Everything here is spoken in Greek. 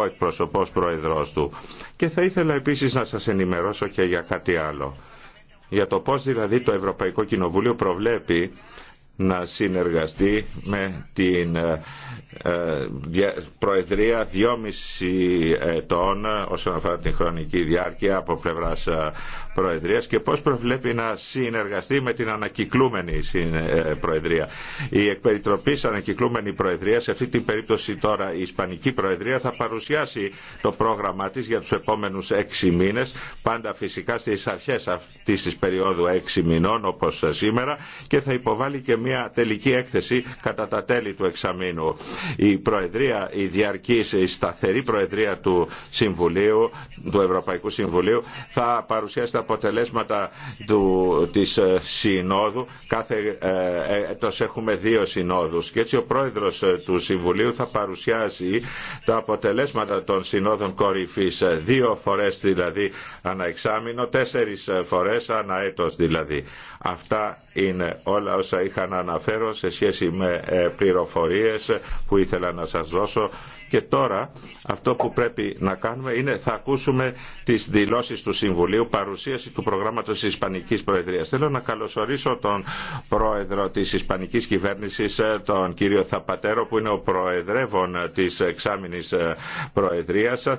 ο εκπροσωπός πρόεδρος του. Και θα ήθελα επίσης να σας ενημερώσω και για κάτι άλλο. Για το πώς δηλαδή το Ευρωπαϊκό Κοινοβούλιο προβλέπει να συνεργαστεί με την ε, ε, Προεδρία 2,5 ετών όσον αφορά την χρονική διάρκεια από πλευράς ε, Προεδρίας και πώς προβλέπει να συνεργαστεί με την ανακυκλούμενη Προεδρία. Η εκπεριτροπής ανακυκλούμενη Προεδρία, σε αυτή την περίπτωση τώρα η Ισπανική Προεδρία θα παρουσιάσει το πρόγραμμά της για τους επόμενους έξι μήνες, πάντα φυσικά στις αρχές αυτής της περίοδου έξι μηνών όπως σήμερα και θα υποβάλει και μία μια τελική έκθεση κατά τα τέλη του εξαμήνου. Η Προεδρία, η διαρκή η σταθερή Προεδρία του Συμβουλίου, του Ευρωπαϊκού Συμβουλίου, θα παρουσιάσει τα αποτελέσματα του, της ε, Συνόδου. Κάθε ε, ε, έτος έχουμε δύο Συνόδους και έτσι ο Πρόεδρος του Συμβουλίου θα παρουσιάσει τα αποτελέσματα των Συνόδων Κορυφής δύο φορές δηλαδή αναεξάμεινο, τέσσερις φορές αναέτος δηλαδή. Αυτά είναι όλα όσα είχα να αναφέρω σε σχέση με ε, πληροφορίες που ήθελα να σας δώσω και τώρα αυτό που πρέπει να κάνουμε είναι θα ακούσουμε τις δηλώσεις του Συμβουλίου παρουσίαση του προγράμματος της Ισπανικής Προεδρίας. Θέλω να καλωσορίσω τον πρόεδρο της Ισπανικής Κυβέρνησης, ε, τον κύριο Θαπατέρο που είναι ο προεδρεύων της εξάμηνης ε, Προεδρίας.